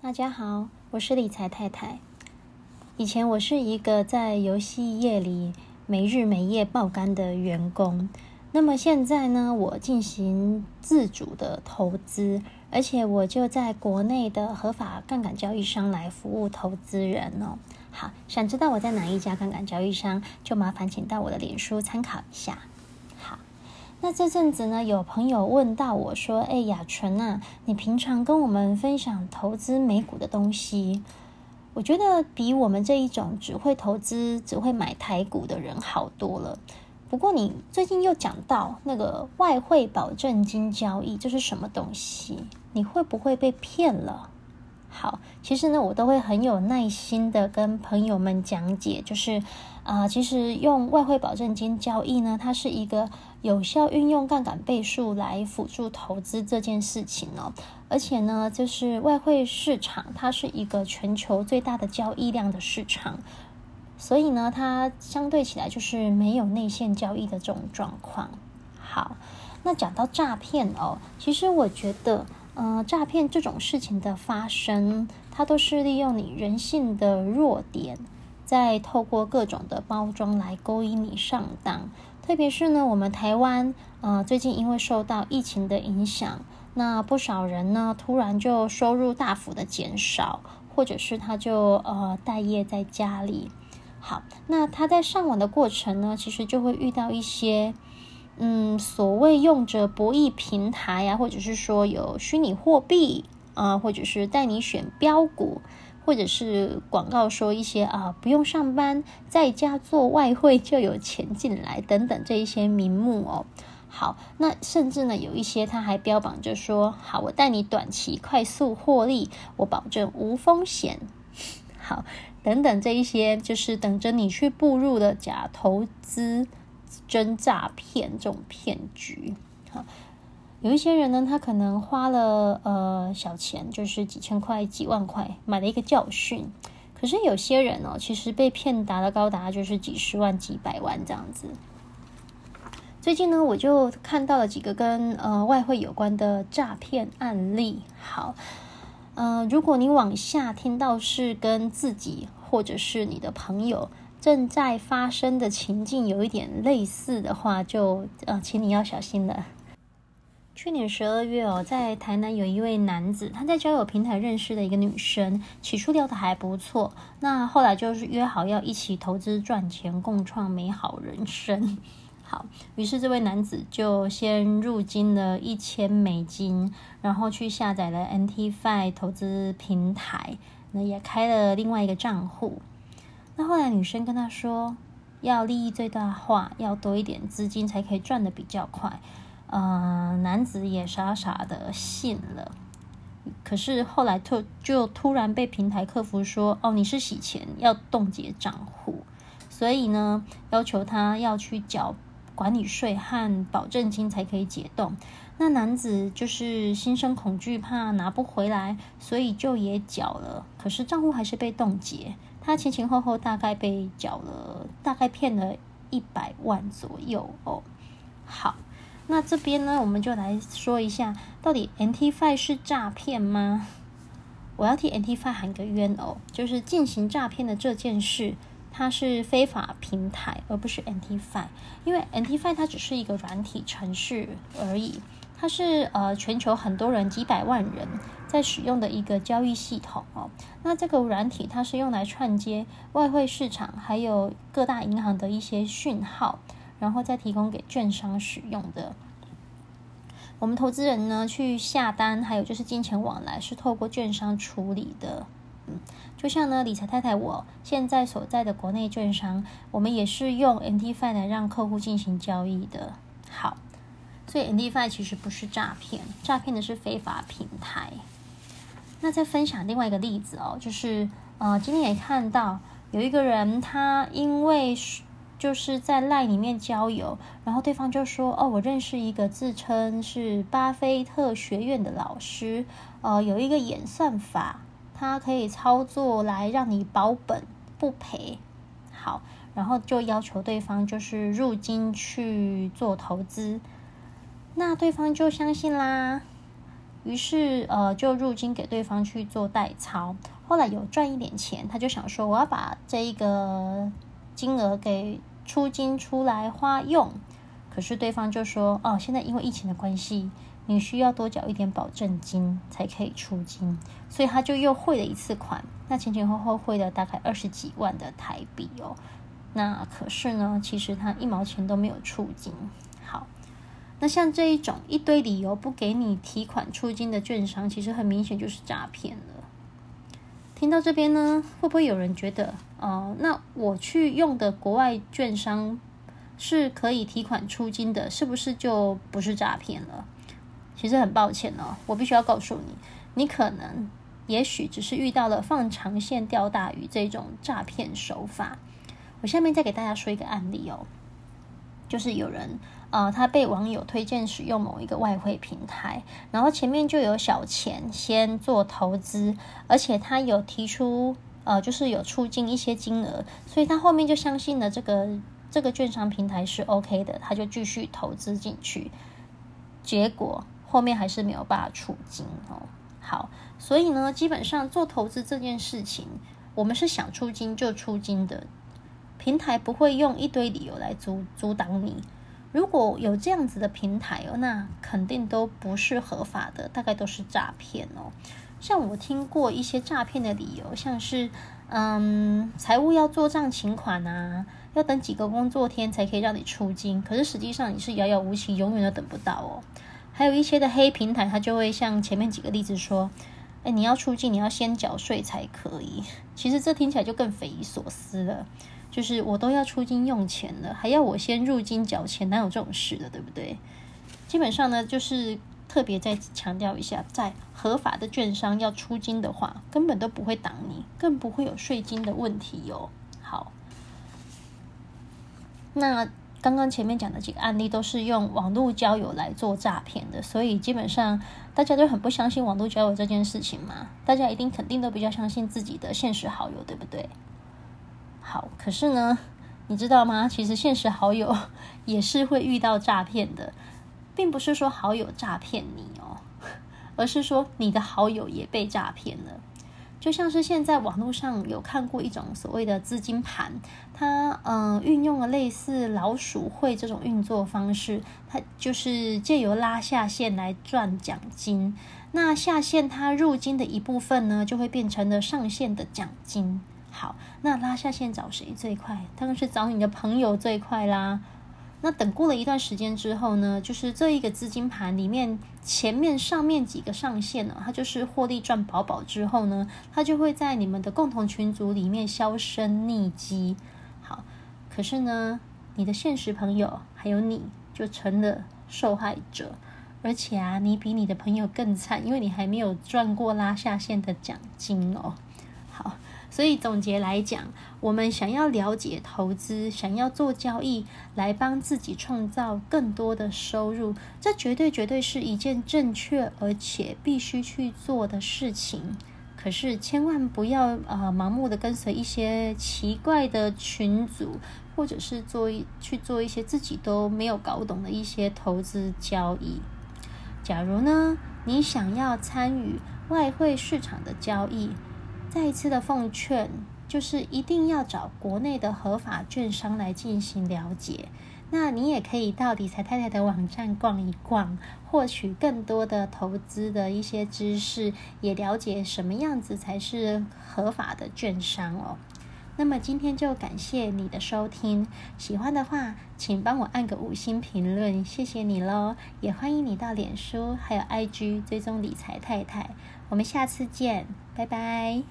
大家好，我是理財太太。以前我是一個在遊戲業裡沒日沒夜爆肝的員工，那麼現在呢，我進行自主的投資，而且我就在國內的合法槓桿交易商來服務投資人哦。好，想知道我在哪一家槓桿交易商，就麻煩請到我的臉書參考一下。那這陣子呢，有朋友問到我說：“哎，雅純吶、啊，你平常跟我們分享投資美股的東西，我覺得比我們這一種只會投資、只會買台股的人好多了。不過你最近又講到那個外匯保證金交易，這是什麼東西？你會不會被騙了？”好，其實呢，我都會很有耐心的跟朋友們講解，就是，啊、呃，其實用外匯保證金交易呢，它是一個有效運用槓桿倍數來輔助投資這件事情哦。而且呢，就是外匯市場它是一個全球最大的交易量的市場，所以呢，它相對起來就是沒有內線交易的這種狀況。好，那講到詐騙哦，其實我覺得。呃，詐騙這種事情的發生，它都是利用你人性的弱點，再透過各種的包裝來勾引你上當。特別是呢，我們台灣，呃，最近因為受到疫情的影響，那不少人呢，突然就收入大幅的減少，或者是他就呃待業在家裡。好，那他在上網的過程呢，其實就會遇到一些。嗯，所謂用着博弈平台呀，或者是說有虛擬貨幣啊，或者是帶你選標股，或者是廣告說一些啊不用上班，在家做外匯就有錢進來等等這一些名目哦。好，那甚至呢有一些他還標榜着說，好，我帶你短期快速獲利，我保證無風險。好，等等這一些就是等着你去步入的假投資。真詐騙這種騙局，好，有一些人呢，他可能花了呃小錢，就是幾千塊、幾萬塊，買了一個教訓。可是有些人哦，其實被騙達的高達就是幾十萬、幾百萬這樣子。最近呢，我就看到了幾個跟呃外匯有關的詐騙案例。好，嗯、呃，如果你往下聽到是跟自己或者是你的朋友。正在發生的情境有一點類似的話，就呃，請你要小心了。去年十二月哦，在台南有一位男子，他在交友平台認識的一個女生，起初聊得還不錯，那後來就是約好要一起投資賺錢，共創美好人生。好，於是這位男子就先入金了一千美金，然後去下載了 NTFI 投資平台，那也開了另外一個賬戶。那後來女生跟他說，要利益最大化，要多一點資金才可以賺得比較快。呃，男子也傻傻的信了。可是後來突就突然被平台客服說，哦，你是洗錢，要凍結賬戶，所以呢，要求他要去繳管理稅和保證金才可以解凍。那男子就是心生恐懼，怕拿不回來，所以就也繳了。可是賬戶還是被凍結。他前前後後大概被繳了，大概騙了一百萬左右哦。好，那這邊呢，我們就來說一下，到底 MT5 是詐騙嗎？我要替 MT5 喊個冤哦，就是進行詐騙的這件事，它是非法平台，而不是 MT5，因為 MT5 它只是一個軟體程式而已。它是呃全球很多人幾百萬人在使用的一個交易系統哦。那這個軟體它是用來串接外匯市場，還有各大銀行的一些訊號，然後再提供給券商使用的。我們投資人呢，去下單，還有就是金錢往來是透過券商處理的。嗯，就像呢理財太太我現在所在的國內券商，我們也是用 MT4 來讓客戶進行交易的。好。所以，MT5 其實不是詐騙，詐騙的是非法平台。那再分享另外一個例子哦，就是呃，今天也看到有一個人，他因為就是在賴裡面交友，然後對方就說：“哦，我認識一個自稱是巴菲特學院的老師，呃，有一個演算法，他可以操作來讓你保本不賠。”好，然後就要求對方就是入金去做投資。那對方就相信啦，於是呃就入金給對方去做代操，後來有賺一點錢，他就想說，我要把這一個金額給出金出來花用，可是對方就說，哦，現在因為疫情的關係，你需要多繳一點保證金才可以出金，所以他就又匯了一次款，那前前後後匯了大概二十幾萬的台幣哦，那可是呢，其實他一毛錢都沒有出金。那像這一種一堆理由不給你提款出金的券商，其實很明顯就是詐騙了。聽到這邊呢，會不會有人覺得，哦，那我去用的國外券商是可以提款出金的，是不是就不是詐騙了？其實很抱歉哦，我必須要告訴你，你可能也許只是遇到了放長線釣大魚這種詐騙手法。我下面再給大家說一個案例哦，就是有人。呃，他被網友推薦使用某一個外匯平台，然後前面就有小錢先做投資，而且他有提出呃，就是有出金一些金額，所以他後面就相信了這個這個券商平台是 OK 的，他就繼續投資進去，結果後面還是沒有辦法出金哦。好，所以呢，基本上做投資這件事情，我們是想出金就出金的，平台不會用一堆理由來阻阻擋你。如果有這樣子的平台哦，那肯定都不是合法的，大概都是詐騙哦。像我聽過一些詐騙的理由，像是，嗯，財務要做賬請款啊，要等幾個工作天才可以讓你出金。可是實際上你是遙遙無期，永遠都等不到哦。還有一些的黑平台，它就會像前面幾個例子說，欸，你要出金，你要先繳稅才可以，其實這聽起來就更匪夷所思了。就是我都要出金用錢了，還要我先入金繳錢，哪有這種事的，對不對？基本上呢，就是特別再強調一下，在合法的券商要出金的話，根本都不會擋你，更不會有稅金的問題喲、哦。好，那剛剛前面講的幾個案例都是用網絡交友來做詐騙的，所以基本上大家都很不相信網絡交友這件事情嘛，大家一定肯定都比較相信自己的現實好友，對不對？好，可是呢，你知道嗎？其實現實好友也是會遇到詐騙的，並不是說好友詐騙你哦，而是說你的好友也被詐騙了。就像是現在網絡上有看過一種所謂的資金盤，它嗯，呃，運用了類似老鼠會這種運作方式，它就是借由拉下線來賺獎金，那下線他入金的一部分呢，就會變成了上線的獎金。好，那拉下線找誰最快？當然是找你的朋友最快啦。那等過了一段時間之後呢，就是這一個資金盤裡面前面上面幾個上線哦，它就是獲利賺飽飽之後呢，它就會在你們的共同群組裡面銷聲匿跡。好，可是呢，你的現實朋友還有你就成了受害者，而且啊，你比你的朋友更慘，因為你還沒有賺過拉下線的獎金哦。所以總結來講，我們想要了解投資，想要做交易，來幫自己創造更多的收入，這絕對絕對是一件正確而且必須去做的事情。可是千萬不要呃盲目的跟隨一些奇怪的群組，或者是做一去做一些自己都沒有搞懂的一些投資交易。假如呢，你想要參與外匯市場的交易。再一次的奉勸，就是一定要找國內的合法券商來進行了解。那你也可以到理財太太的網站逛一逛，獲取更多的投資的一些知識，也了解什麼樣子才是合法的券商哦。那麼今天就感謝你的收聽，喜歡的話請幫我按個五星評論，謝謝你嘍。也歡迎你到臉書還有 IG 追蹤理財太太，我們下次見，拜拜。